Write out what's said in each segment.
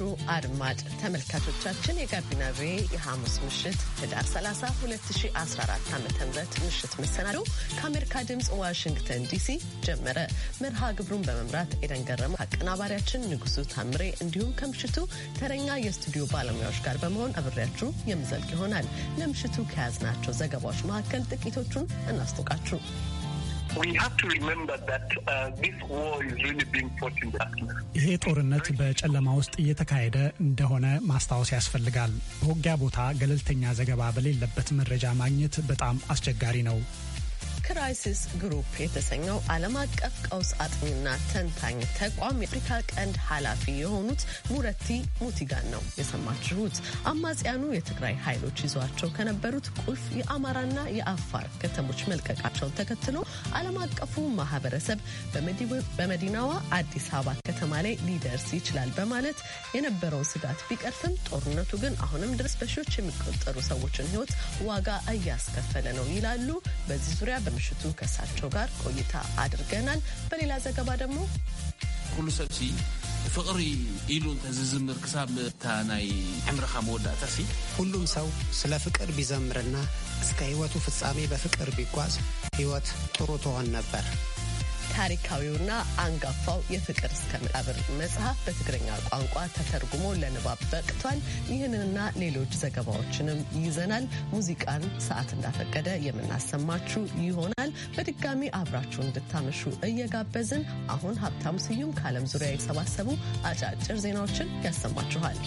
የተከበራችሁ አድማጭ ተመልካቾቻችን የጋቢና ቪ የሐሙስ ምሽት ህዳር 30 2014 ዓ ም ምሽት መሰናዶ ከአሜሪካ ድምፅ ዋሽንግተን ዲሲ ጀመረ። መርሃ ግብሩን በመምራት ኤደን ገረመ፣ አቀናባሪያችን ንጉሱ ታምሬ እንዲሁም ከምሽቱ ተረኛ የስቱዲዮ ባለሙያዎች ጋር በመሆን አብሬያችሁ የምዘልቅ ይሆናል። ለምሽቱ ከያዝናቸው ዘገባዎች መካከል ጥቂቶቹን እናስቶቃችሁ። Uh, ይሄ ጦርነት በጨለማ ውስጥ እየተካሄደ እንደሆነ ማስታወስ ያስፈልጋል። በውጊያ ቦታ ገለልተኛ ዘገባ በሌለበት መረጃ ማግኘት በጣም አስቸጋሪ ነው። ክራይሲስ ግሩፕ የተሰኘው ዓለም አቀፍ ቀውስ አጥኚና ተንታኝ ተቋም የአፍሪካ ቀንድ ኃላፊ የሆኑት ሙረቲ ሙቲጋን ነው የሰማችሁት። አማጽያኑ የትግራይ ኃይሎች ይዟቸው ከነበሩት ቁልፍ የአማራና የአፋር ከተሞች መልቀቃቸውን ተከትሎ ዓለም አቀፉ ማህበረሰብ በመዲናዋ አዲስ አበባ ከተማ ላይ ሊደርስ ይችላል በማለት የነበረውን ስጋት ቢቀርፍም ጦርነቱ ግን አሁንም ድረስ በሺዎች የሚቆጠሩ ሰዎችን ሕይወት ዋጋ እያስከፈለ ነው ይላሉ። በዚህ ዙሪያ በምሽቱ ከእሳቸው ጋር ቆይታ አድርገናል። በሌላ ዘገባ ደግሞ ኩሉ ሰብ ፍቅሪ ኢሉ ዝዝምር ክሳብ እታ ናይ ዕምርኻ መወዳእታ ሲ ሁሉም ሰው ስለ ፍቅር ቢዘምርና እስከ ህይወቱ ፍጻሜ በፍቅር ቢጓዝ ህይወት ጥሩ ትሆን ነበር። ታሪካዊውና አንጋፋው የፍቅር እስከ መቃብር መጽሐፍ በትግረኛ ቋንቋ ተተርጉሞ ለንባብ በቅቷል። ይህንንና ሌሎች ዘገባዎችንም ይዘናል። ሙዚቃን ሰዓት እንዳፈቀደ የምናሰማችሁ ይሆናል። በድጋሚ አብራችሁ እንድታመሹ እየጋበዝን አሁን ሀብታሙ ስዩም ከዓለም ዙሪያ የተሰባሰቡ አጫጭር ዜናዎችን ያሰማችኋል።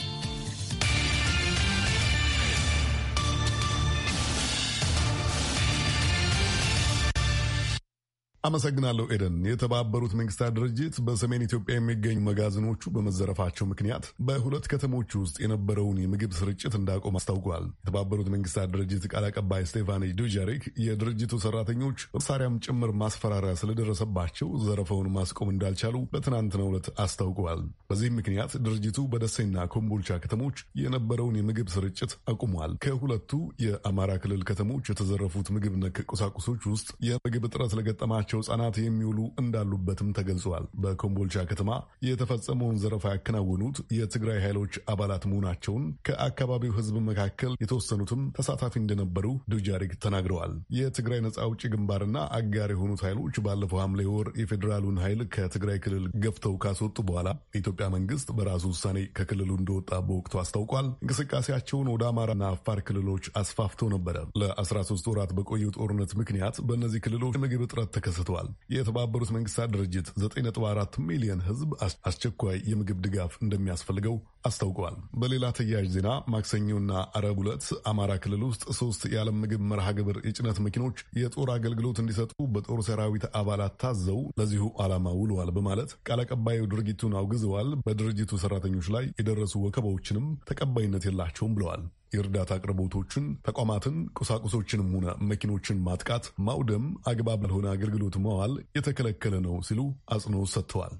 አመሰግናለሁ ኤደን። የተባበሩት መንግስታት ድርጅት በሰሜን ኢትዮጵያ የሚገኙ መጋዘኖቹ በመዘረፋቸው ምክንያት በሁለት ከተሞች ውስጥ የነበረውን የምግብ ስርጭት እንዳቆም አስታውቋል። የተባበሩት መንግስታት ድርጅት ቃል አቀባይ ስቴፋኒ ዱጃሪክ የድርጅቱ ሰራተኞች በመሳሪያም ጭምር ማስፈራሪያ ስለደረሰባቸው ዘረፈውን ማስቆም እንዳልቻሉ በትናንትናው ዕለት አስታውቀዋል። በዚህም ምክንያት ድርጅቱ በደሴና ኮምቦልቻ ከተሞች የነበረውን የምግብ ስርጭት አቁሟል። ከሁለቱ የአማራ ክልል ከተሞች የተዘረፉት ምግብ ነክ ቁሳቁሶች ውስጥ የምግብ እጥረት ለገጠማቸው ለሌላቸው ህጻናት የሚውሉ እንዳሉበትም ተገልጿል። በኮምቦልቻ ከተማ የተፈጸመውን ዘረፋ ያከናወኑት የትግራይ ኃይሎች አባላት መሆናቸውን ከአካባቢው ህዝብ መካከል የተወሰኑትም ተሳታፊ እንደነበሩ ዱጃሪክ ተናግረዋል። የትግራይ ነጻ አውጪ ግንባርና አጋር የሆኑት ኃይሎች ባለፈው ሐምሌ ወር የፌዴራሉን ኃይል ከትግራይ ክልል ገፍተው ካስወጡ በኋላ የኢትዮጵያ መንግስት በራሱ ውሳኔ ከክልሉ እንደወጣ በወቅቱ አስታውቋል። እንቅስቃሴያቸውን ወደ አማራና አፋር ክልሎች አስፋፍተው ነበረ። ለ13 ወራት በቆየው ጦርነት ምክንያት በእነዚህ ክልሎች የምግብ እጥረት ተከሰተ። አመልክተዋል። የተባበሩት መንግስታት ድርጅት 9.4 ሚሊዮን ህዝብ አስቸኳይ የምግብ ድጋፍ እንደሚያስፈልገው አስታውቀዋል። በሌላ ተያያዥ ዜና ማክሰኞና አረብ ዕለት አማራ ክልል ውስጥ ሶስት የዓለም ምግብ መርሃ ግብር የጭነት መኪኖች የጦር አገልግሎት እንዲሰጡ በጦር ሰራዊት አባላት ታዘው ለዚሁ ዓላማ ውለዋል በማለት ቃል አቀባዩ ድርጊቱን አውግዘዋል። በድርጅቱ ሰራተኞች ላይ የደረሱ ወከባዎችንም ተቀባይነት የላቸውም ብለዋል። የእርዳታ አቅርቦቶችን፣ ተቋማትን፣ ቁሳቁሶችንም ሆነ መኪኖችን ማጥቃት፣ ማውደም፣ አግባብ ያልሆነ አገልግሎት መዋል የተከለከለ ነው ሲሉ አጽንኦት ሰጥተዋል።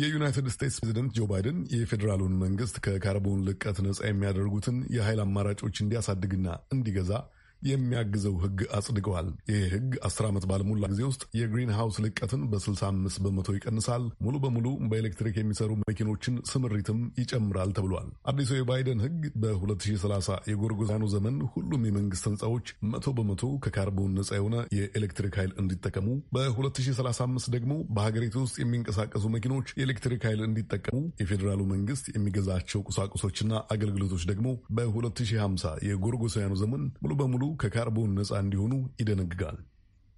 የዩናይትድ ስቴትስ ፕሬዚደንት ጆ ባይደን የፌዴራሉን መንግስት ከካርቦን ልቀት ነጻ የሚያደርጉትን የኃይል አማራጮች እንዲያሳድግና እንዲገዛ የሚያግዘው ህግ አጽድቀዋል። ይህ ህግ አስር ዓመት ባልሞላ ጊዜ ውስጥ የግሪን ሃውስ ልቀትን በ65 በመቶ ይቀንሳል፣ ሙሉ በሙሉ በኤሌክትሪክ የሚሰሩ መኪኖችን ስምሪትም ይጨምራል ተብሏል። አዲሱ የባይደን ህግ በ2030 የጎርጎዛኑ ዘመን ሁሉም የመንግስት ህንፃዎች መቶ በመቶ ከካርቦን ነጻ የሆነ የኤሌክትሪክ ኃይል እንዲጠቀሙ፣ በ2035 ደግሞ በሀገሪቱ ውስጥ የሚንቀሳቀሱ መኪኖች የኤሌክትሪክ ኃይል እንዲጠቀሙ፣ የፌዴራሉ መንግስት የሚገዛቸው ቁሳቁሶችና አገልግሎቶች ደግሞ በ2050 የጎርጎሳውያኑ ዘመን ሙሉ በሙሉ ከካርቦን ነፃ እንዲሆኑ ይደነግጋል።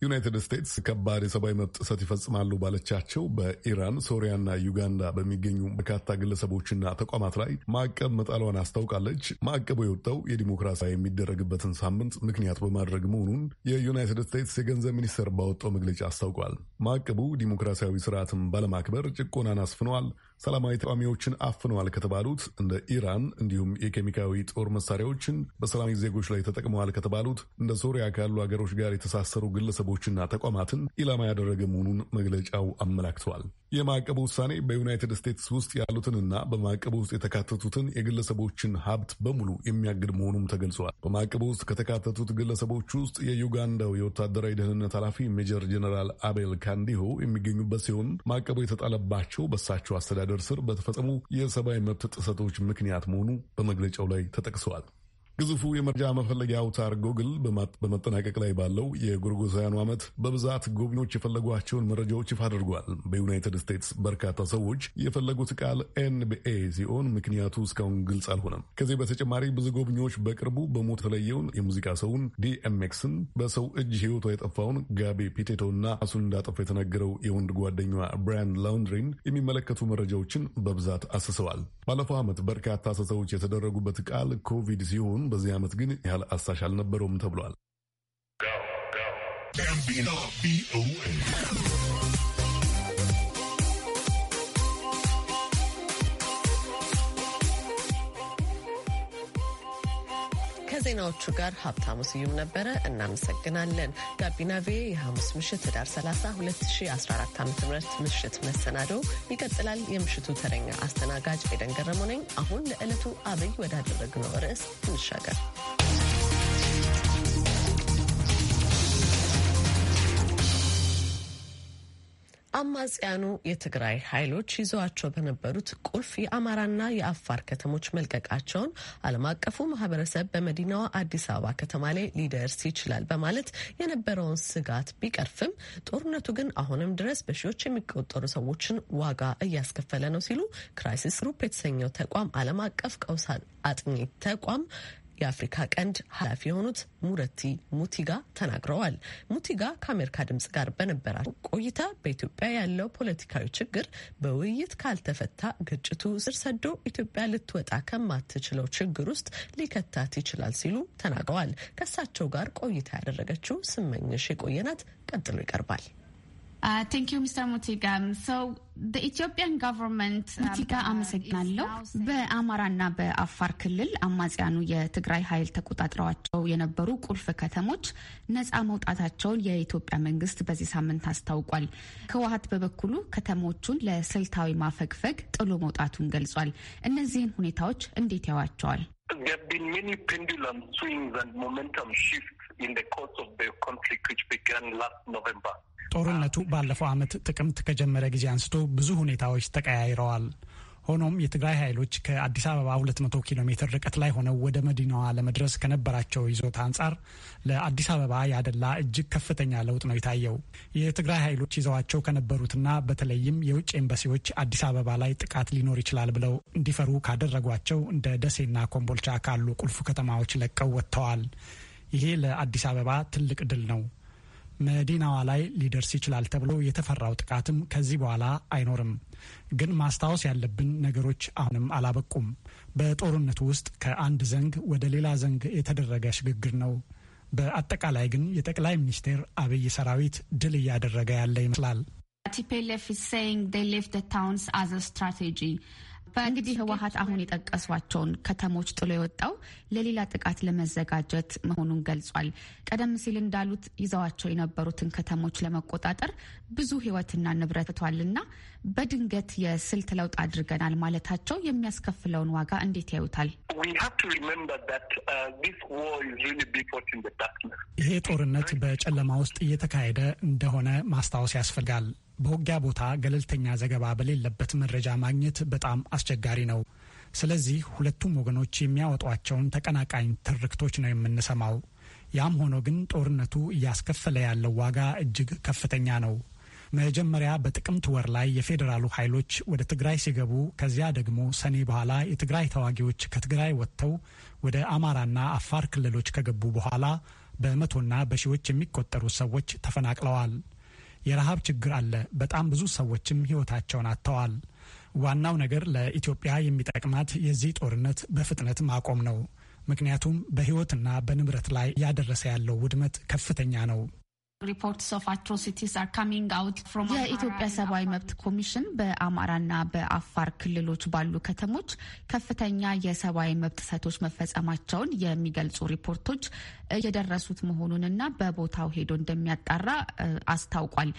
ዩናይትድ ስቴትስ ከባድ የሰብአዊ መብት ጥሰት ይፈጽማሉ ባለቻቸው በኢራን ሶሪያና ዩጋንዳ በሚገኙ በርካታ ግለሰቦችና ተቋማት ላይ ማዕቀብ መጣሏን አስታውቃለች። ማዕቀቡ የወጣው የዲሞክራሲ የሚደረግበትን ሳምንት ምክንያት በማድረግ መሆኑን የዩናይትድ ስቴትስ የገንዘብ ሚኒስቴር ባወጣው መግለጫ አስታውቋል። ማዕቀቡ ዲሞክራሲያዊ ስርዓትን ባለማክበር ጭቆናን አስፍነዋል ሰላማዊ ተቃዋሚዎችን አፍነዋል ከተባሉት እንደ ኢራን እንዲሁም የኬሚካዊ ጦር መሳሪያዎችን በሰላማዊ ዜጎች ላይ ተጠቅመዋል ከተባሉት እንደ ሶሪያ ካሉ ሀገሮች ጋር የተሳሰሩ ግለሰቦችና ተቋማትን ኢላማ ያደረገ መሆኑን መግለጫው አመላክተዋል። የማዕቀቡ ውሳኔ በዩናይትድ ስቴትስ ውስጥ ያሉትንና በማዕቀቡ ውስጥ የተካተቱትን የግለሰቦችን ሀብት በሙሉ የሚያግድ መሆኑም ተገልጿል። በማዕቀቡ ውስጥ ከተካተቱት ግለሰቦች ውስጥ የዩጋንዳው የወታደራዊ ደህንነት ኃላፊ ሜጀር ጀነራል አቤል ካንዲሆ የሚገኙበት ሲሆን ማዕቀቡ የተጣለባቸው በሳቸው አስተዳደር ስር በተፈጸሙ የሰብአዊ መብት ጥሰቶች ምክንያት መሆኑ በመግለጫው ላይ ተጠቅሰዋል። ግዙፉ የመረጃ መፈለጊያ አውታር ጎግል በመጠናቀቅ ላይ ባለው የጎርጎሳውያኑ ዓመት በብዛት ጎብኚዎች የፈለጓቸውን መረጃዎች ይፋ አድርጓል። በዩናይትድ ስቴትስ በርካታ ሰዎች የፈለጉት ቃል ኤንቢኤ ሲሆን ምክንያቱ እስካሁን ግልጽ አልሆነም። ከዚህ በተጨማሪ ብዙ ጎብኚዎች በቅርቡ በሞት የተለየውን የሙዚቃ ሰውን ዲኤምኤክስን፣ በሰው እጅ ህይወቷ የጠፋውን ጋቢ ፒቴቶና ራሱን እንዳጠፋ የተነገረው የወንድ ጓደኛ ብራያን ላውንድሪን የሚመለከቱ መረጃዎችን በብዛት አስሰዋል። ባለፈው ዓመት በርካታ አሰሳዎች የተደረጉበት ቃል ኮቪድ ሲሆን ቢሆንም በዚህ ዓመት ግን ያህል አሳሽ አልነበረውም ተብሏል። ከዜናዎቹ ጋር ሀብታሙ ስዩም ነበረ። እናመሰግናለን። ጋቢና ቪ የሐሙስ ምሽት ህዳር 30 2014 ዓ ም ምሽት መሰናዶ ይቀጥላል። የምሽቱ ተረኛ አስተናጋጅ ኤደን ገረሙ ነኝ። አሁን ለዕለቱ አብይ ወዳደረግነው ርዕስ እንሻገር። አማጽያኑ የትግራይ ኃይሎች ይዘዋቸው በነበሩት ቁልፍ የአማራና የአፋር ከተሞች መልቀቃቸውን ዓለም አቀፉ ማህበረሰብ በመዲናዋ አዲስ አበባ ከተማ ላይ ሊደርስ ይችላል በማለት የነበረውን ስጋት ቢቀርፍም ጦርነቱ ግን አሁንም ድረስ በሺዎች የሚቆጠሩ ሰዎችን ዋጋ እያስከፈለ ነው ሲሉ ክራይሲስ ግሩፕ የተሰኘው ተቋም ዓለም አቀፍ ቀውስ አጥኚ ተቋም የአፍሪካ ቀንድ ኃላፊ የሆኑት ሙረቲ ሙቲጋ ተናግረዋል። ሙቲጋ ከአሜሪካ ድምጽ ጋር በነበራቸው ቆይታ በኢትዮጵያ ያለው ፖለቲካዊ ችግር በውይይት ካልተፈታ ግጭቱ ስር ሰዶ ኢትዮጵያ ልትወጣ ከማትችለው ችግር ውስጥ ሊከታት ይችላል ሲሉ ተናግረዋል። ከእሳቸው ጋር ቆይታ ያደረገችው ስመኝሽ የቆየናት ቀጥሎ ይቀርባል። ቴንክ ዩ ሚስተር ሙቲጋ ሙቲጋ አመሰግናለሁ። በአማራና በአፋር ክልል አማጽያኑ የትግራይ ኃይል ተቆጣጥረዋቸው የነበሩ ቁልፍ ከተሞች ነጻ መውጣታቸውን የኢትዮጵያ መንግስት በዚህ ሳምንት አስታውቋል። ህወሀት በበኩሉ ከተሞቹን ለስልታዊ ማፈግፈግ ጥሎ መውጣቱን ገልጿል። እነዚህን ሁኔታዎች እንዴት ያዋቸዋል? There have been many pendulum swings and momentum shifts ጦርነቱ uh, ባለፈው ዓመት ጥቅምት ከጀመረ ጊዜ አንስቶ ብዙ ሁኔታዎች ተቀያይረዋል። ሆኖም የትግራይ ኃይሎች ከአዲስ አበባ 200 ኪሎ ሜትር ርቀት ላይ ሆነው ወደ መዲናዋ ለመድረስ ከነበራቸው ይዞታ አንጻር ለአዲስ አበባ ያደላ እጅግ ከፍተኛ ለውጥ ነው የታየው። የትግራይ ኃይሎች ይዘዋቸው ከነበሩትና በተለይም የውጭ ኤምባሲዎች አዲስ አበባ ላይ ጥቃት ሊኖር ይችላል ብለው እንዲፈሩ ካደረጓቸው እንደ ደሴና ኮምቦልቻ ካሉ ቁልፍ ከተማዎች ለቀው ወጥተዋል። ይሄ ለአዲስ አበባ ትልቅ ድል ነው። መዲናዋ ላይ ሊደርስ ይችላል ተብሎ የተፈራው ጥቃትም ከዚህ በኋላ አይኖርም። ግን ማስታወስ ያለብን ነገሮች አሁንም አላበቁም። በጦርነቱ ውስጥ ከአንድ ዘንግ ወደ ሌላ ዘንግ የተደረገ ሽግግር ነው። በአጠቃላይ ግን የጠቅላይ ሚኒስትር አብይ ሰራዊት ድል እያደረገ ያለ ይመስላል። ቲፒኤልኤፍ ኢዝ ሴይንግ ሌፍት ዘ ታውንስ አዝ ስትራቴጂ እንግዲህ ህወሀት አሁን የጠቀሷቸውን ከተሞች ጥሎ የወጣው ለሌላ ጥቃት ለመዘጋጀት መሆኑን ገልጿል። ቀደም ሲል እንዳሉት ይዘዋቸው የነበሩትን ከተሞች ለመቆጣጠር ብዙ ህይወትና ንብረት ቷልና በድንገት የስልት ለውጥ አድርገናል ማለታቸው የሚያስከፍለውን ዋጋ እንዴት ያዩታል? Uh, ይሄ ጦርነት በጨለማ ውስጥ እየተካሄደ እንደሆነ ማስታወስ ያስፈልጋል። በውጊያ ቦታ ገለልተኛ ዘገባ በሌለበት መረጃ ማግኘት በጣም አስቸጋሪ ነው። ስለዚህ ሁለቱም ወገኖች የሚያወጧቸውን ተቀናቃኝ ትርክቶች ነው የምንሰማው። ያም ሆኖ ግን ጦርነቱ እያስከፈለ ያለው ዋጋ እጅግ ከፍተኛ ነው። መጀመሪያ በጥቅምት ወር ላይ የፌዴራሉ ኃይሎች ወደ ትግራይ ሲገቡ ከዚያ ደግሞ ሰኔ በኋላ የትግራይ ተዋጊዎች ከትግራይ ወጥተው ወደ አማራና አፋር ክልሎች ከገቡ በኋላ በመቶና በሺዎች የሚቆጠሩ ሰዎች ተፈናቅለዋል። የረሃብ ችግር አለ። በጣም ብዙ ሰዎችም ሕይወታቸውን አጥተዋል። ዋናው ነገር ለኢትዮጵያ የሚጠቅማት የዚህ ጦርነት በፍጥነት ማቆም ነው። ምክንያቱም በሕይወትና በንብረት ላይ እያደረሰ ያለው ውድመት ከፍተኛ ነው። የኢትዮጵያ ሰብአዊ መብት ኮሚሽን በአማራና በአፋር ክልሎች ባሉ ከተሞች ከፍተኛ የሰብአዊ መብት ጥሰቶች መፈጸማቸውን የሚገልጹ ሪፖርቶች እየደረሱት መሆኑንና በቦታው ሄዶ እንደሚያጣራ አስታውቋል።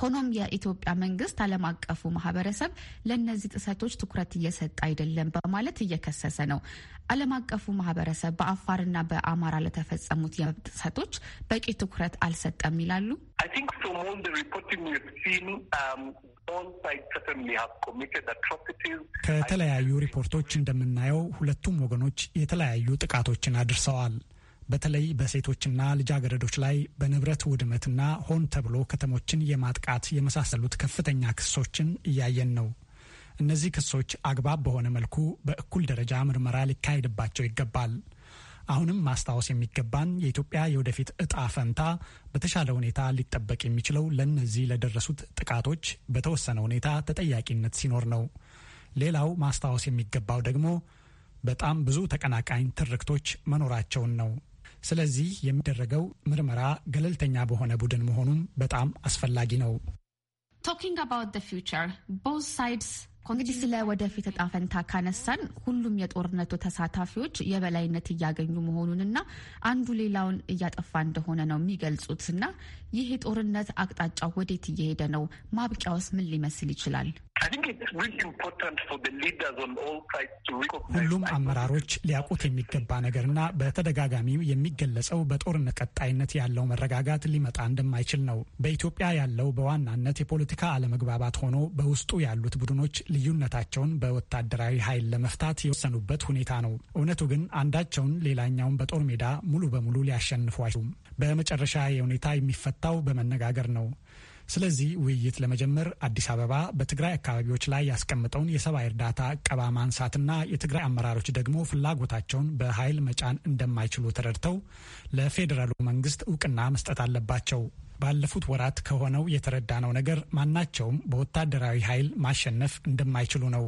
ሆኖም የኢትዮጵያ መንግስት ዓለም አቀፉ ማህበረሰብ ለእነዚህ ጥሰቶች ትኩረት እየሰጠ አይደለም በማለት እየከሰሰ ነው። ዓለም አቀፉ ማህበረሰብ በአፋርና በአማራ ለተፈጸሙት የመብት ጥሰቶች በቂ ትኩረት አልሰጠም ይላሉ? Um, ከተለያዩ ሪፖርቶች እንደምናየው ሁለቱም ወገኖች የተለያዩ ጥቃቶችን አድርሰዋል። በተለይ በሴቶችና ልጃገረዶች ላይ በንብረት ውድመትና ሆን ተብሎ ከተሞችን የማጥቃት የመሳሰሉት ከፍተኛ ክሶችን እያየን ነው። እነዚህ ክሶች አግባብ በሆነ መልኩ በእኩል ደረጃ ምርመራ ሊካሄድባቸው ይገባል። አሁንም ማስታወስ የሚገባን የኢትዮጵያ የወደፊት እጣ ፈንታ በተሻለ ሁኔታ ሊጠበቅ የሚችለው ለእነዚህ ለደረሱት ጥቃቶች በተወሰነ ሁኔታ ተጠያቂነት ሲኖር ነው። ሌላው ማስታወስ የሚገባው ደግሞ በጣም ብዙ ተቀናቃኝ ትርክቶች መኖራቸውን ነው። ስለዚህ የሚደረገው ምርመራ ገለልተኛ በሆነ ቡድን መሆኑም በጣም አስፈላጊ ነው። ቶኪንግ አባውት ዘ ፊውቸር ቦዝ ሳይድስ እንግዲህ ስለ ወደፊት እጣ ፈንታ ካነሳን ሁሉም የጦርነቱ ተሳታፊዎች የበላይነት እያገኙ መሆኑንና አንዱ ሌላውን እያጠፋ እንደሆነ ነው የሚገልጹትና ይህ የጦርነት አቅጣጫ ወዴት እየሄደ ነው? ማብቂያውስ ምን ሊመስል ይችላል? ሁሉም አመራሮች ሊያውቁት የሚገባ ነገርና በተደጋጋሚው የሚገለጸው በጦርነት ቀጣይነት ያለው መረጋጋት ሊመጣ እንደማይችል ነው። በኢትዮጵያ ያለው በዋናነት የፖለቲካ አለመግባባት ሆኖ በውስጡ ያሉት ቡድኖች ልዩነታቸውን በወታደራዊ ኃይል ለመፍታት የወሰኑበት ሁኔታ ነው። እውነቱ ግን አንዳቸውን ሌላኛውን በጦር ሜዳ ሙሉ በሙሉ ሊያሸንፉ በመጨረሻ የሁኔታ የሚፈታው በመነጋገር ነው። ስለዚህ ውይይት ለመጀመር አዲስ አበባ በትግራይ አካባቢዎች ላይ ያስቀምጠውን የሰብአዊ እርዳታ ቀባ ማንሳትና የትግራይ አመራሮች ደግሞ ፍላጎታቸውን በኃይል መጫን እንደማይችሉ ተረድተው ለፌዴራሉ መንግስት እውቅና መስጠት አለባቸው። ባለፉት ወራት ከሆነው የተረዳነው ነገር ማናቸውም በወታደራዊ ኃይል ማሸነፍ እንደማይችሉ ነው።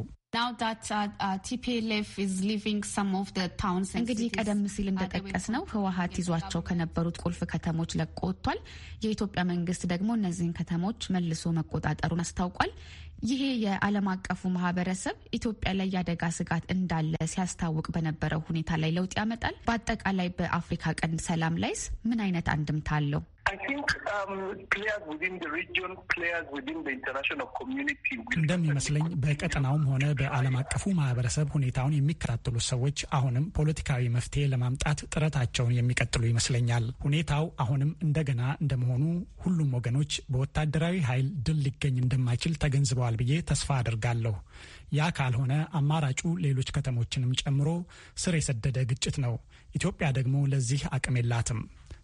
እንግዲህ ቀደም ሲል እንደጠቀስ ነው ህወሀት ይዟቸው ከነበሩት ቁልፍ ከተሞች ለቆ ወጥቷል። የኢትዮጵያ መንግስት ደግሞ እነዚህን ከተሞች መልሶ መቆጣጠሩን አስታውቋል። ይሄ የዓለም አቀፉ ማህበረሰብ ኢትዮጵያ ላይ የአደጋ ስጋት እንዳለ ሲያስታውቅ በነበረው ሁኔታ ላይ ለውጥ ያመጣል? በአጠቃላይ በአፍሪካ ቀንድ ሰላም ላይስ ምን አይነት አንድምታ አለው? Um, እንደሚመስለኝ በቀጠናውም ሆነ በዓለም አቀፉ ማህበረሰብ ሁኔታውን የሚከታተሉ ሰዎች አሁንም ፖለቲካዊ መፍትሄ ለማምጣት ጥረታቸውን የሚቀጥሉ ይመስለኛል። ሁኔታው አሁንም እንደገና እንደመሆኑ ሁሉም ወገኖች በወታደራዊ ኃይል ድል ሊገኝ እንደማይችል ተገንዝበዋል። ይኖረዋል ብዬ ተስፋ አድርጋለሁ። ያ ካልሆነ አማራጩ ሌሎች ከተሞችንም ጨምሮ ስር የሰደደ ግጭት ነው። ኢትዮጵያ ደግሞ ለዚህ አቅም የላትም።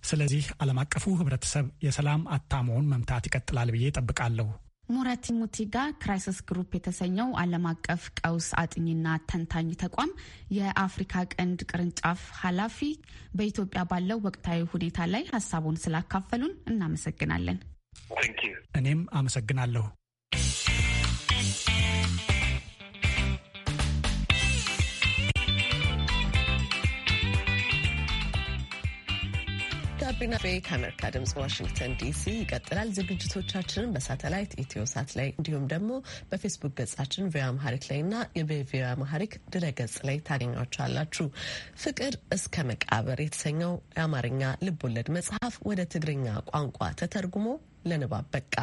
ስለዚህ ዓለም አቀፉ ህብረተሰብ የሰላም አታሞውን መምታት ይቀጥላል ብዬ ጠብቃለሁ። ሙረቲ ሙቲጋ ክራይሲስ ግሩፕ የተሰኘው ዓለም አቀፍ ቀውስ አጥኚና ተንታኝ ተቋም የአፍሪካ ቀንድ ቅርንጫፍ ኃላፊ፣ በኢትዮጵያ ባለው ወቅታዊ ሁኔታ ላይ ሀሳቡን ስላካፈሉን እናመሰግናለን። እኔም አመሰግናለሁ። ጋቢና ቤ ከአሜሪካ ድምጽ ዋሽንግተን ዲሲ ይቀጥላል። ዝግጅቶቻችንን በሳተላይት ኢትዮ ሳት ላይ እንዲሁም ደግሞ በፌስቡክ ገጻችን ቪ አማሪክ ላይ ና የቪያ አማሪክ ድረ ገጽ ላይ ታገኟቸዋላችሁ። ፍቅር እስከ መቃብር የተሰኘው የአማርኛ ልብ ወለድ መጽሐፍ ወደ ትግርኛ ቋንቋ ተተርጉሞ ለንባብ በቃ።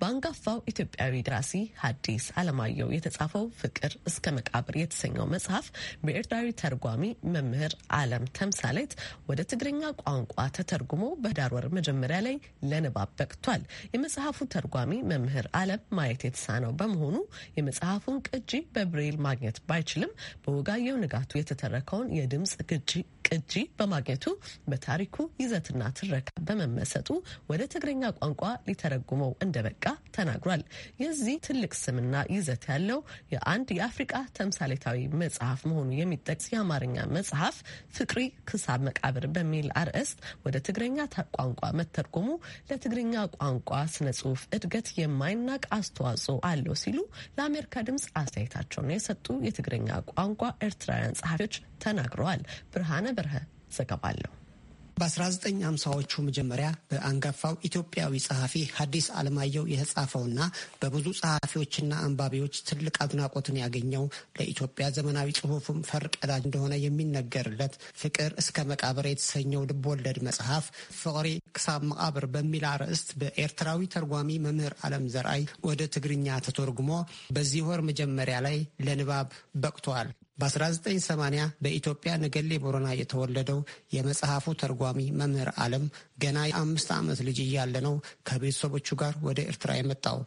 በአንጋፋው ኢትዮጵያዊ ደራሲ ሐዲስ አለማየሁ የተጻፈው ፍቅር እስከ መቃብር የተሰኘው መጽሐፍ በኤርትራዊ ተርጓሚ መምህር አለም ተምሳሌት ወደ ትግርኛ ቋንቋ ተተርጉሞ በህዳር ወር መጀመሪያ ላይ ለንባብ በቅቷል። የመጽሐፉ ተርጓሚ መምህር አለም ማየት የተሳነው በመሆኑ የመጽሐፉን ቅጂ በብሬል ማግኘት ባይችልም በወጋየው ንጋቱ የተተረከውን የድምፅ ቅጂ ቅጂ በማግኘቱ በታሪኩ ይዘትና ትረካ በመመሰጡ ወደ ትግርኛ ቋንቋ ሊተረጉመው እንደበቃ ተናግሯል። የዚህ ትልቅ ስምና ይዘት ያለው የአንድ የአፍሪቃ ተምሳሌታዊ መጽሐፍ መሆኑ የሚጠቅስ የአማርኛ መጽሐፍ ፍቅሪ ክሳብ መቃብር በሚል አርዕስት ወደ ትግረኛ ቋንቋ መተርጎሙ ለትግርኛ ቋንቋ ስነ ጽሁፍ እድገት የማይናቅ አስተዋጽኦ አለው ሲሉ ለአሜሪካ ድምጽ አስተያየታቸውን የሰጡ የትግረኛ ቋንቋ ኤርትራውያን ጸሐፊዎች ተናግረዋል። ብርሃነ በርሀ ዘገባ አለው። በ1950ዎቹ መጀመሪያ በአንጋፋው ኢትዮጵያዊ ጸሐፊ ሐዲስ ዓለማየሁ የተጻፈውና በብዙ ጸሐፊዎችና አንባቢዎች ትልቅ አድናቆትን ያገኘው ለኢትዮጵያ ዘመናዊ ጽሑፍም ፈርቀዳጅ እንደሆነ የሚነገርለት ፍቅር እስከ መቃብር የተሰኘው ልብወለድ መጽሐፍ ፍቅሪ ክሳብ መቃብር በሚል አርዕስት በኤርትራዊ ተርጓሚ መምህር ዓለም ዘርአይ ወደ ትግርኛ ተተርጉሞ በዚህ ወር መጀመሪያ ላይ ለንባብ በቅቷል። በ1980 በኢትዮጵያ ነገሌ ቦረና የተወለደው የመጽሐፉ ተርጓሚ መምህር አለም ገና የአምስት ዓመት ልጅ እያለ ነው ከቤተሰቦቹ ጋር ወደ ኤርትራ የመጣው።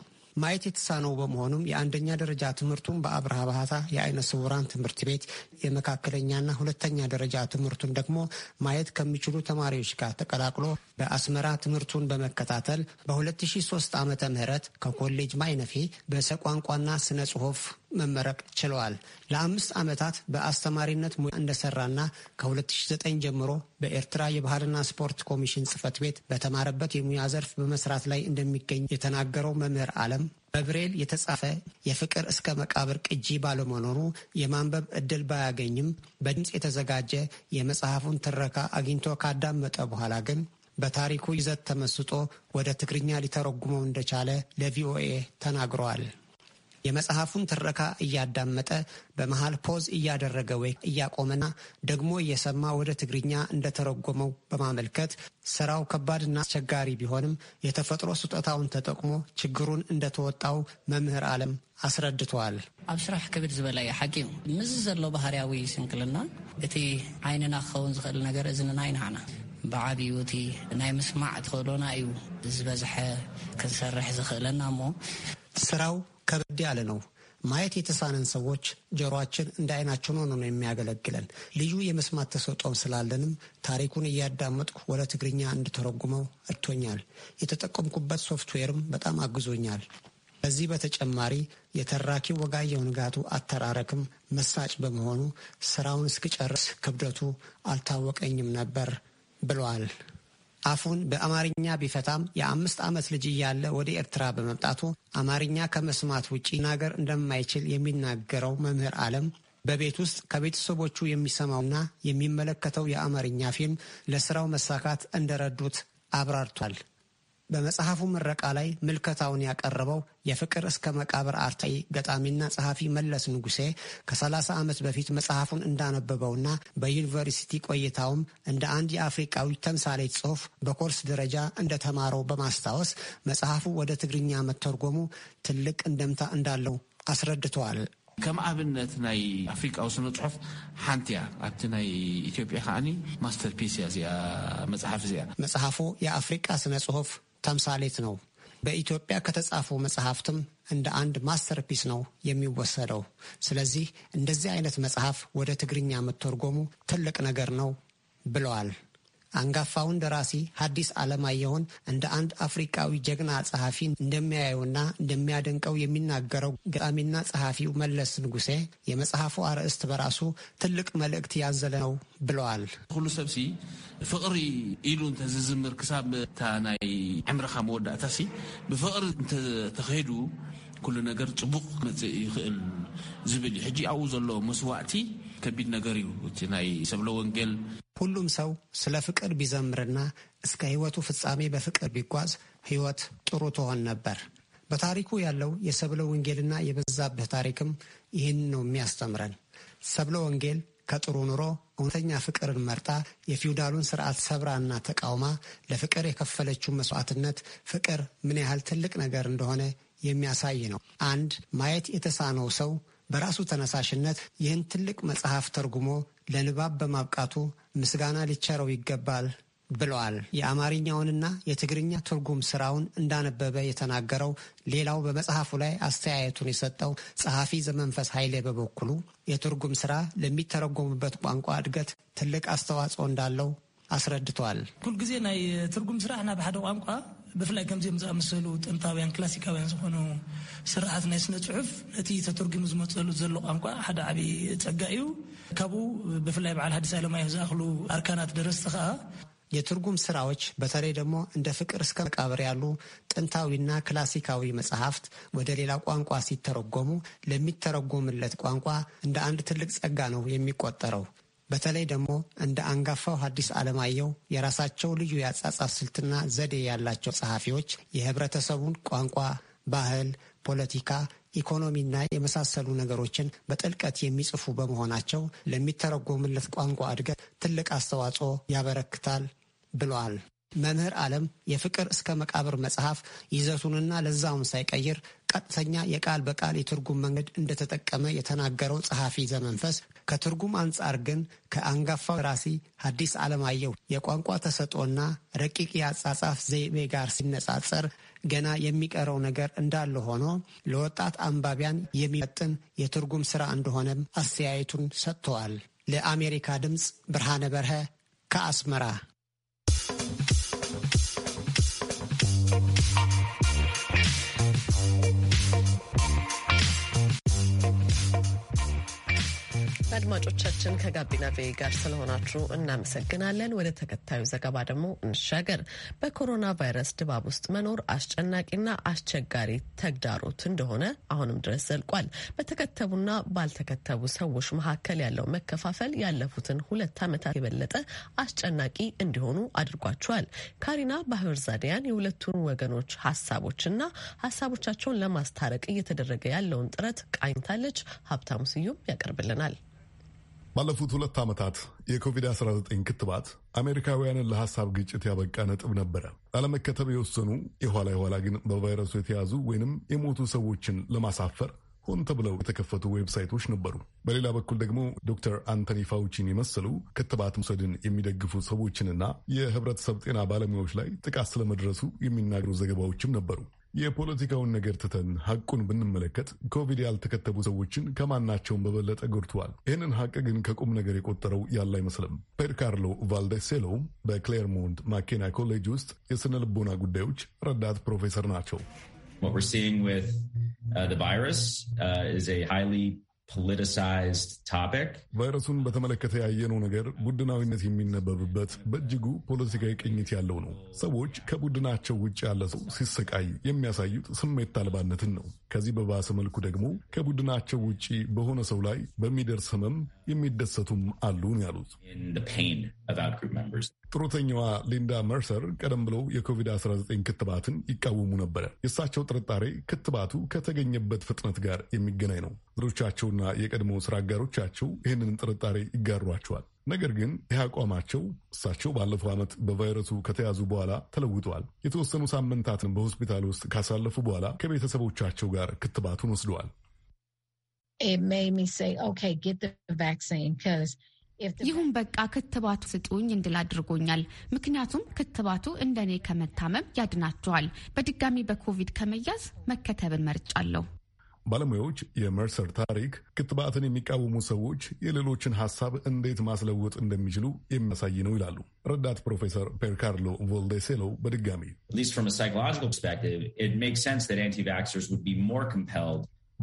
ማየት የተሳነው በመሆኑም የአንደኛ ደረጃ ትምህርቱን በአብርሃ ባህታ የአይነ ስውራን ትምህርት ቤት፣ የመካከለኛና ሁለተኛ ደረጃ ትምህርቱን ደግሞ ማየት ከሚችሉ ተማሪዎች ጋር ተቀላቅሎ በአስመራ ትምህርቱን በመከታተል በ2003 ዓ ም ከኮሌጅ ማይነፌ በሰቋንቋና ስነ ጽሑፍ መመረቅ ችለዋል። ለአምስት ዓመታት በአስተማሪነት ሙያ እንደሰራና ከ2009 ጀምሮ በኤርትራ የባህልና ስፖርት ኮሚሽን ጽህፈት ቤት በተማረበት የሙያ ዘርፍ በመስራት ላይ እንደሚገኝ የተናገረው መምህር አለም በብሬል የተጻፈ የፍቅር እስከ መቃብር ቅጂ ባለመኖሩ የማንበብ እድል ባያገኝም በድምፅ የተዘጋጀ የመጽሐፉን ትረካ አግኝቶ ካዳመጠ በኋላ ግን በታሪኩ ይዘት ተመስጦ ወደ ትግርኛ ሊተረጉመው እንደቻለ ለቪኦኤ ተናግረዋል። የመጽሐፉን ትረካ እያዳመጠ በመሃል ፖዝ እያደረገ ወይ እያቆመና ደግሞ እየሰማ ወደ ትግርኛ እንደተረጎመው በማመልከት ስራው ከባድና አስቸጋሪ ቢሆንም የተፈጥሮ ስጦታውን ተጠቅሞ ችግሩን እንደተወጣው መምህር አለም አስረድተዋል። ኣብ ስራሕ ክብድ ዝበለ እዩ ሓቂም ምዝ ዘሎ ባህርያዊ ስንክልና እቲ ዓይንና ክኸውን ዝኽእል ነገር እዝንና ይናዓና ብዓብዩ እቲ ናይ ምስማዕ ተኸእሎና እዩ ዝበዝሐ ክንሰርሕ ዝኽእለና እሞ ስራው ከብድ ያለ ነው። ማየት የተሳነን ሰዎች ጆሮአችን እንደ አይናችን ሆኖ ነው የሚያገለግለን። ልዩ የመስማት ተሰጦም ስላለንም ታሪኩን እያዳመጥኩ ወደ ትግርኛ እንድተረጉመው እድቶኛል። የተጠቀምኩበት ሶፍትዌርም በጣም አግዞኛል። ከዚህ በተጨማሪ የተራኪ ወጋየሁ ንጋቱ አተራረክም መሳጭ በመሆኑ ስራውን እስክጨርስ ክብደቱ አልታወቀኝም ነበር ብለዋል። አፉን በአማርኛ ቢፈታም የአምስት ዓመት ልጅ እያለ ወደ ኤርትራ በመምጣቱ አማርኛ ከመስማት ውጪ ናገር እንደማይችል የሚናገረው መምህር ዓለም በቤት ውስጥ ከቤተሰቦቹ የሚሰማውና የሚመለከተው የአማርኛ ፊልም ለስራው መሳካት እንደረዱት አብራርቷል። በመጽሐፉ ምረቃ ላይ ምልከታውን ያቀረበው የፍቅር እስከ መቃብር አርታይ ገጣሚና ጸሐፊ መለስ ንጉሴ ከ30 ዓመት በፊት መጽሐፉን እንዳነበበውና በዩኒቨርሲቲ ቆይታውም እንደ አንድ የአፍሪቃዊ ተምሳሌት ጽሑፍ በኮርስ ደረጃ እንደተማረው በማስታወስ መጽሐፉ ወደ ትግርኛ መተርጎሙ ትልቅ እንደምታ እንዳለው አስረድተዋል። ከም ኣብነት ናይ ኣፍሪቃዊ ስነ ፅሑፍ ሓንቲ እያ ኣብቲ ናይ ኢትዮጵያ ከዓኒ ማስተርፒስ እያ እዚኣ መፅሓፍ እዚኣ መፅሓፉ የኣፍሪቃ ስነ ፅሑፍ ተምሳሌት ነው። በኢትዮጵያ ከተጻፉ መጽሐፍትም እንደ አንድ ማስተርፒስ ነው የሚወሰደው። ስለዚህ እንደዚህ አይነት መጽሐፍ ወደ ትግርኛ መተርጎሙ ትልቅ ነገር ነው ብለዋል። አንጋፋውን ደራሲ ሐዲስ ዓለማየሁን እንደ አንድ አፍሪቃዊ ጀግና ጸሐፊ እንደሚያየውና እንደሚያደንቀው የሚናገረው ገጣሚና ጸሐፊው መለስ ንጉሴ የመጽሐፉ አርእስት በራሱ ትልቅ መልእክት ያዘለ ነው ብለዋል። ኩሉ ሰብሲ ፍቅሪ ኢሉ እንተዝዝምር ክሳብ እታ ናይ ዕምርኻ መወዳእታሲ ብፍቅሪ እንተተኸዱ ኩሉ ነገር ፅቡቕ ክመፅእ ይኽእል ዝብል እዩ ሕጂ ኣብኡ ዘሎ መስዋእቲ ከቢድ ነገር እዩ እቲ ናይ ሰብለ ወንጌል ሁሉም ሰው ስለ ፍቅር ቢዘምርና እስከ ህይወቱ ፍጻሜ በፍቅር ቢጓዝ ህይወት ጥሩ ትሆን ነበር። በታሪኩ ያለው የሰብለ ወንጌልና የበዛብህ ታሪክም ይህን ነው የሚያስተምረን። ሰብለ ወንጌል ከጥሩ ኑሮ እውነተኛ ፍቅርን መርጣ የፊውዳሉን ስርዓት ሰብራና ተቃውማ ለፍቅር የከፈለችው መስዋዕትነት ፍቅር ምን ያህል ትልቅ ነገር እንደሆነ የሚያሳይ ነው። አንድ ማየት የተሳነው ሰው በራሱ ተነሳሽነት ይህን ትልቅ መጽሐፍ ተርጉሞ ለንባብ በማብቃቱ ምስጋና ሊቸረው ይገባል ብለዋል። የአማርኛውንና የትግርኛ ትርጉም ስራውን እንዳነበበ የተናገረው ሌላው በመጽሐፉ ላይ አስተያየቱን የሰጠው ጸሐፊ ዘመንፈስ ኃይሌ በበኩሉ የትርጉም ስራ ለሚተረጎምበት ቋንቋ እድገት ትልቅ አስተዋጽኦ እንዳለው አስረድተዋል። ኩልግዜ ናይ ትርጉም ስራሕ ናብ ሓደ ቋንቋ ብፍላይ ከምዚኦም ዝኣመሰሉ ጥንታውያን ክላሲካውያን ዝኾኑ ስርዓት ናይ ስነ ፅሑፍ ነቲ ተተርጊሙ ዝመፀሉ ዘሎ ቋንቋ ሓደ ዓብዪ ፀጋ እዩ ካብኡ ብፍላይ በዓል ሓዲስ ኣለማዮህ ዝኣኽሉ ኣርካናት ደረስቲ ከዓ የትርጉም ስራዎች በተለይ ደግሞ እንደ ፍቅር እስከ መቃብር ያሉ ጥንታዊና ክላሲካዊ መጽሐፍት ወደ ሌላ ቋንቋ ሲተረጎሙ ለሚተረጎምለት ቋንቋ እንደ አንድ ትልቅ ጸጋ ነው የሚቆጠረው። በተለይ ደግሞ እንደ አንጋፋው ሐዲስ ዓለማየሁ የራሳቸው ልዩ የአጻጻፍ ስልትና ዘዴ ያላቸው ጸሐፊዎች የህብረተሰቡን ቋንቋ፣ ባህል፣ ፖለቲካ፣ ኢኮኖሚና የመሳሰሉ ነገሮችን በጥልቀት የሚጽፉ በመሆናቸው ለሚተረጎምለት ቋንቋ እድገት ትልቅ አስተዋጽኦ ያበረክታል ብለዋል። መምህር ዓለም የፍቅር እስከ መቃብር መጽሐፍ ይዘቱንና ለዛውም ሳይቀይር ቀጥተኛ የቃል በቃል የትርጉም መንገድ እንደተጠቀመ የተናገረው ጸሐፊ ዘመንፈስ ከትርጉም አንጻር ግን ከአንጋፋ ደራሲ ሐዲስ ዓለማየሁ የቋንቋ ተሰጦና ረቂቅ የአጻጻፍ ዘይቤ ጋር ሲነጻጸር ገና የሚቀረው ነገር እንዳለ ሆኖ ለወጣት አንባቢያን የሚመጥን የትርጉም ሥራ እንደሆነም አስተያየቱን ሰጥተዋል። ለአሜሪካ ድምፅ ብርሃነ በርሀ ከአስመራ አድማጮቻችን ከጋቢና ቬ ጋር ስለሆናችሁ እናመሰግናለን። ወደ ተከታዩ ዘገባ ደግሞ እንሻገር። በኮሮና ቫይረስ ድባብ ውስጥ መኖር አስጨናቂና አስቸጋሪ ተግዳሮት እንደሆነ አሁንም ድረስ ዘልቋል። በተከተቡና ባልተከተቡ ሰዎች መካከል ያለው መከፋፈል ያለፉትን ሁለት ዓመታት የበለጠ አስጨናቂ እንዲሆኑ አድርጓቸዋል። ካሪና ባህርዛዲያን የሁለቱን ወገኖች ሀሳቦችና ሀሳቦቻቸውን ለማስታረቅ እየተደረገ ያለውን ጥረት ቃኝታለች። ሀብታሙ ስዩም ያቀርብልናል። ባለፉት ሁለት ዓመታት የኮቪድ-19 ክትባት አሜሪካውያንን ለሐሳብ ግጭት ያበቃ ነጥብ ነበረ። ላለመከተብ የወሰኑ የኋላ የኋላ ግን በቫይረሱ የተያዙ ወይንም የሞቱ ሰዎችን ለማሳፈር ሆን ተብለው የተከፈቱ ዌብሳይቶች ነበሩ። በሌላ በኩል ደግሞ ዶክተር አንቶኒ ፋውቺን የመሰሉ ክትባት መውሰድን የሚደግፉ ሰዎችንና የህብረተሰብ ጤና ባለሙያዎች ላይ ጥቃት ስለመድረሱ የሚናገሩ ዘገባዎችም ነበሩ። የፖለቲካውን ነገር ትተን ሐቁን ብንመለከት ኮቪድ ያልተከተቡ ሰዎችን ከማናቸውም በበለጠ ጎድተዋል። ይህንን ሐቅ ግን ከቁም ነገር የቆጠረው ያለ አይመስልም። ፔር ካርሎ ቫልደሴሎ በክሌርሞንት ማኬና ኮሌጅ ውስጥ የሥነ ልቦና ጉዳዮች ረዳት ፕሮፌሰር ናቸው። ቫይረሱን በተመለከተ ያየነው ነገር ቡድናዊነት የሚነበብበት በእጅጉ ፖለቲካዊ ቅኝት ያለው ነው። ሰዎች ከቡድናቸው ውጭ ያለ ሰው ሲሰቃይ የሚያሳዩት ስሜት አልባነትን ነው። ከዚህ በባሰ መልኩ ደግሞ ከቡድናቸው ውጪ በሆነ ሰው ላይ በሚደርስ ህመም የሚደሰቱም አሉን ያሉት። ጡረተኛዋ ሊንዳ መርሰር ቀደም ብለው የኮቪድ-19 ክትባትን ይቃወሙ ነበረ። የእሳቸው ጥርጣሬ ክትባቱ ከተገኘበት ፍጥነት ጋር የሚገናኝ ነው። ዘሮቻቸውና የቀድሞ ስራ አጋሮቻቸው ይህንን ጥርጣሬ ይጋሯቸዋል። ነገር ግን ይህ አቋማቸው እሳቸው ባለፈው ዓመት በቫይረሱ ከተያዙ በኋላ ተለውጠዋል። የተወሰኑ ሳምንታትን በሆስፒታል ውስጥ ካሳለፉ በኋላ ከቤተሰቦቻቸው ጋር ክትባቱን ወስደዋል። ይሁን በቃ ክትባቱ ስጡኝ እንድል አድርጎኛል። ምክንያቱም ክትባቱ እንደኔ ከመታመም ያድናችኋል። በድጋሚ በኮቪድ ከመያዝ መከተብን መርጫለሁ። ባለሙያዎች የመርሰር ታሪክ ክትባትን የሚቃወሙ ሰዎች የሌሎችን ሀሳብ እንዴት ማስለወጥ እንደሚችሉ የሚያሳይ ነው ይላሉ። ረዳት ፕሮፌሰር ፔርካርሎ ቮልደሴሎ በድጋሚ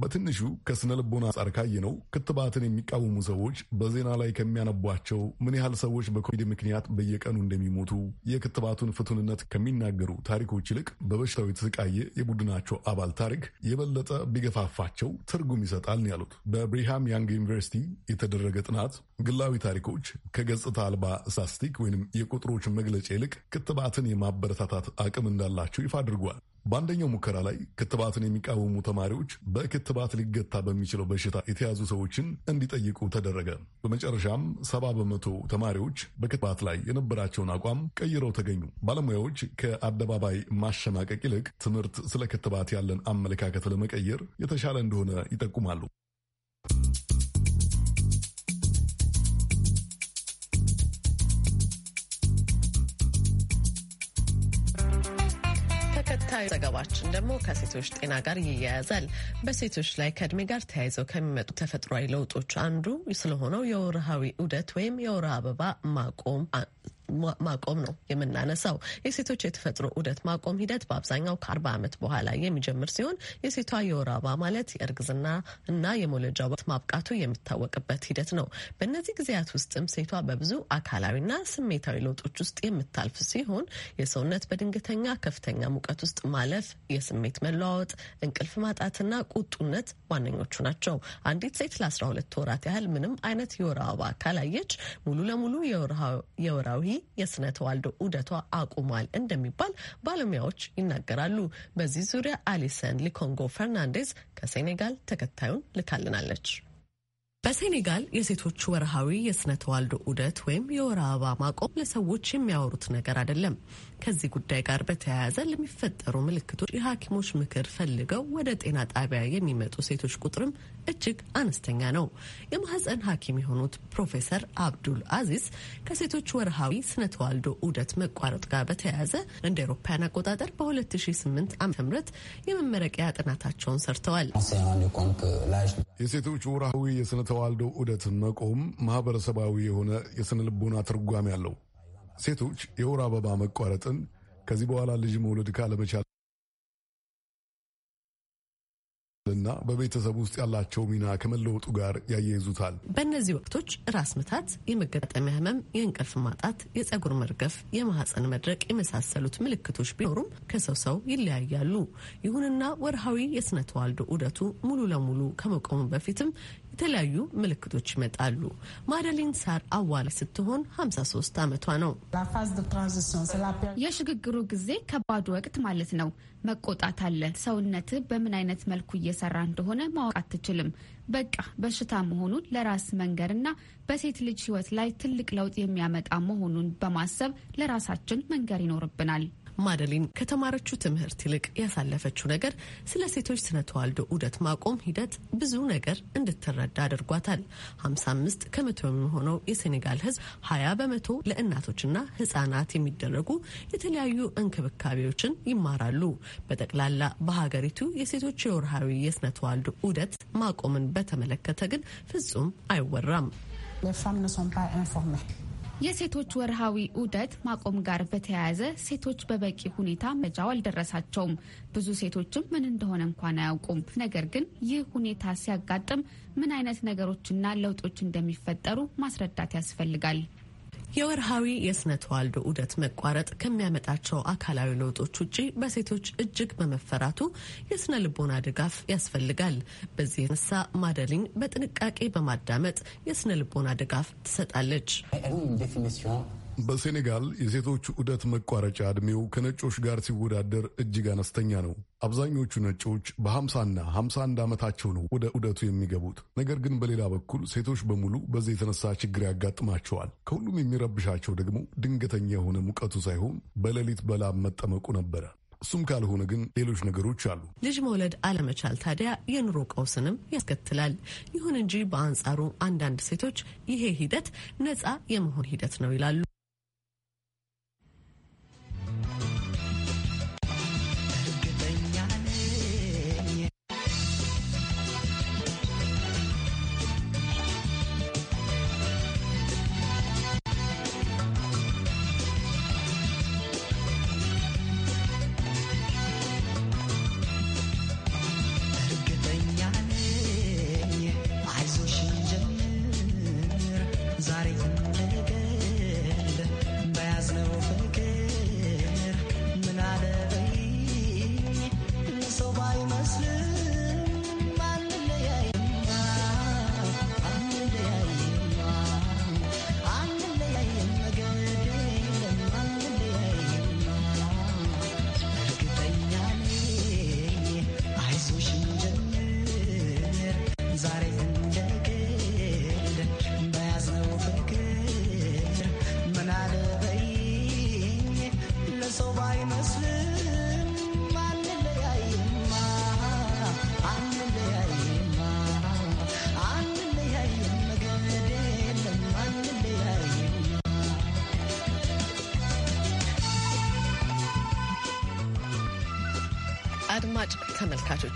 በትንሹ ከስነ ልቦና አንጻር ካየነው ክትባትን የሚቃወሙ ሰዎች በዜና ላይ ከሚያነቧቸው ምን ያህል ሰዎች በኮቪድ ምክንያት በየቀኑ እንደሚሞቱ የክትባቱን ፍቱንነት ከሚናገሩ ታሪኮች ይልቅ በበሽታው የተሰቃየ የቡድናቸው አባል ታሪክ የበለጠ ቢገፋፋቸው ትርጉም ይሰጣል ነው ያሉት። በብሪሃም ያንግ ዩኒቨርሲቲ የተደረገ ጥናት ግላዊ ታሪኮች ከገጽታ አልባ ስታስቲክ ወይም የቁጥሮች መግለጫ ይልቅ ክትባትን የማበረታታት አቅም እንዳላቸው ይፋ አድርጓል። በአንደኛው ሙከራ ላይ ክትባትን የሚቃወሙ ተማሪዎች በክትባት ሊገታ በሚችለው በሽታ የተያዙ ሰዎችን እንዲጠይቁ ተደረገ። በመጨረሻም ሰባ በመቶ ተማሪዎች በክትባት ላይ የነበራቸውን አቋም ቀይረው ተገኙ። ባለሙያዎች ከአደባባይ ማሸማቀቅ ይልቅ ትምህርት ስለ ክትባት ያለን አመለካከት ለመቀየር የተሻለ እንደሆነ ይጠቁማሉ። ተከታዩ ዘገባችን ደግሞ ከሴቶች ጤና ጋር ይያያዛል። በሴቶች ላይ ከእድሜ ጋር ተያይዘው ከሚመጡ ተፈጥሯዊ ለውጦች አንዱ ስለሆነው የወርሃዊ ዑደት ወይም የወር አበባ ማቆም ማቆም ነው የምናነሳው። የሴቶች የተፈጥሮ ዑደት ማቆም ሂደት በአብዛኛው ከአርባ ዓመት በኋላ የሚጀምር ሲሆን የሴቷ የወር አበባ ማለት የእርግዝና እና የመውለጃ ወቅት ማብቃቱ የሚታወቅበት ሂደት ነው። በእነዚህ ጊዜያት ውስጥም ሴቷ በብዙ አካላዊና ስሜታዊ ለውጦች ውስጥ የምታልፍ ሲሆን የሰውነት በድንገተኛ ከፍተኛ ሙቀት ውስጥ ማለፍ፣ የስሜት መለዋወጥ፣ እንቅልፍ ማጣትና ቁጡነት ዋነኞቹ ናቸው። አንዲት ሴት ለ12 ወራት ያህል ምንም አይነት የወር አበባ ካላየች ሙሉ ለሙሉ የወራዊ የስነ ተዋልዶ ዑደቷ አቁሟል እንደሚባል ባለሙያዎች ይናገራሉ። በዚህ ዙሪያ አሊሰን ሊኮንጎ ፈርናንዴዝ ከሴኔጋል ተከታዩን ልካልናለች። በሴኔጋል የሴቶቹ ወርሃዊ የስነ ተዋልዶ ዑደት ወይም የወር አበባ ማቆም ለሰዎች የሚያወሩት ነገር አይደለም። ከዚህ ጉዳይ ጋር በተያያዘ ለሚፈጠሩ ምልክቶች የሐኪሞች ምክር ፈልገው ወደ ጤና ጣቢያ የሚመጡ ሴቶች ቁጥርም እጅግ አነስተኛ ነው። የማህፀን ሐኪም የሆኑት ፕሮፌሰር አብዱል አዚዝ ከሴቶች ወርሃዊ ስነ ተዋልዶ ዑደት መቋረጥ ጋር በተያያዘ እንደ ኤሮፓያን አቆጣጠር በ2008 ዓም የመመረቂያ ጥናታቸውን ሰርተዋል። የሴቶች ወርሃዊ የስነ ተዋልዶ ዑደት መቆም ማህበረሰባዊ የሆነ የስነ ልቦና ትርጓሜ አለው። ሴቶች የወር አበባ መቋረጥን ከዚህ በኋላ ልጅ መውለድ ካለመቻል እና በቤተሰብ ውስጥ ያላቸው ሚና ከመለወጡ ጋር ያያይዙታል። በእነዚህ ወቅቶች ራስ ምታት፣ የመገጣጠሚያ ህመም፣ የእንቅልፍ ማጣት፣ የጸጉር መርገፍ፣ የማህፀን መድረቅ የመሳሰሉት ምልክቶች ቢኖሩም ከሰው ሰው ይለያያሉ። ይሁንና ወርሃዊ የስነ ተዋልዶ ዑደቱ ሙሉ ለሙሉ ከመቆሙ በፊትም የተለያዩ ምልክቶች ይመጣሉ። ማደሊን ሳር አዋሪ ስትሆን 53 ዓመቷ ነው። የሽግግሩ ጊዜ ከባድ ወቅት ማለት ነው። መቆጣት አለ። ሰውነት በምን አይነት መልኩ እየሰራ እንደሆነ ማወቅ አትችልም። በቃ በሽታ መሆኑን ለራስ መንገርና በሴት ልጅ ህይወት ላይ ትልቅ ለውጥ የሚያመጣ መሆኑን በማሰብ ለራሳችን መንገር ይኖርብናል። ማደሊን ከተማረችው ትምህርት ይልቅ ያሳለፈችው ነገር ስለ ሴቶች ስነ ተዋልዶ ዑደት ማቆም ሂደት ብዙ ነገር እንድትረዳ አድርጓታል። 55 ከመቶ የሚሆነው የሴኔጋል ህዝብ 20 በመቶ ለእናቶችና ህጻናት የሚደረጉ የተለያዩ እንክብካቤዎችን ይማራሉ። በጠቅላላ በሀገሪቱ የሴቶች የወርሃዊ የስነ ተዋልዶ ዑደት ማቆምን በተመለከተ ግን ፍጹም አይወራም። የሴቶች ወርሃዊ ዑደት ማቆም ጋር በተያያዘ ሴቶች በበቂ ሁኔታ መጃው አልደረሳቸውም። ብዙ ሴቶችም ምን እንደሆነ እንኳን አያውቁም። ነገር ግን ይህ ሁኔታ ሲያጋጥም ምን አይነት ነገሮችና ለውጦች እንደሚፈጠሩ ማስረዳት ያስፈልጋል። የወርሃዊ የስነ ተዋልዶ ዑደት መቋረጥ ከሚያመጣቸው አካላዊ ለውጦች ውጪ በሴቶች እጅግ በመፈራቱ የስነ ልቦና ድጋፍ ያስፈልጋል። በዚህ የተነሳ ማደሊን በጥንቃቄ በማዳመጥ የስነ ልቦና ድጋፍ ትሰጣለች። በሴኔጋል የሴቶች ዑደት መቋረጫ ዕድሜው ከነጮች ጋር ሲወዳደር እጅግ አነስተኛ ነው። አብዛኞቹ ነጮች በ50ና 51 ዓመታቸው ነው ወደ ዑደቱ የሚገቡት። ነገር ግን በሌላ በኩል ሴቶች በሙሉ በዚህ የተነሳ ችግር ያጋጥማቸዋል። ከሁሉም የሚረብሻቸው ደግሞ ድንገተኛ የሆነ ሙቀቱ ሳይሆን በሌሊት በላብ መጠመቁ ነበረ። እሱም ካልሆነ ግን ሌሎች ነገሮች አሉ። ልጅ መውለድ አለመቻል ታዲያ የኑሮ ቀውስንም ያስከትላል። ይሁን እንጂ በአንጻሩ አንዳንድ ሴቶች ይሄ ሂደት ነፃ የመሆን ሂደት ነው ይላሉ።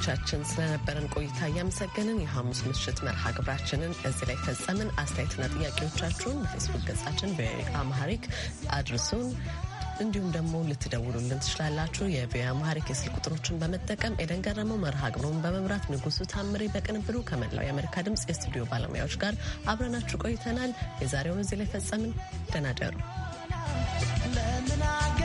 እንግዶቻችን ስለነበረን ቆይታ እያመሰገንን የሐሙስ ምሽት መርሃ ግብራችንን እዚህ ላይ ፈጸምን። አስተያየትና ጥያቄዎቻችሁን በፌስቡክ ገጻችን በአምሃሪክ አድርሱን። እንዲሁም ደግሞ ልትደውሉልን ትችላላችሁ። የቪኦኤ አማርኛ የስልክ ቁጥሮችን በመጠቀም ኤደን ገረመው መርሃ ግብሩን በመምራት ንጉሱ ታምሬ በቅንብሩ ከመላው የአሜሪካ ድምፅ የስቱዲዮ ባለሙያዎች ጋር አብረናችሁ ቆይተናል። የዛሬውን እዚህ ላይ ፈጸምን። ደናደሩ ደሩ።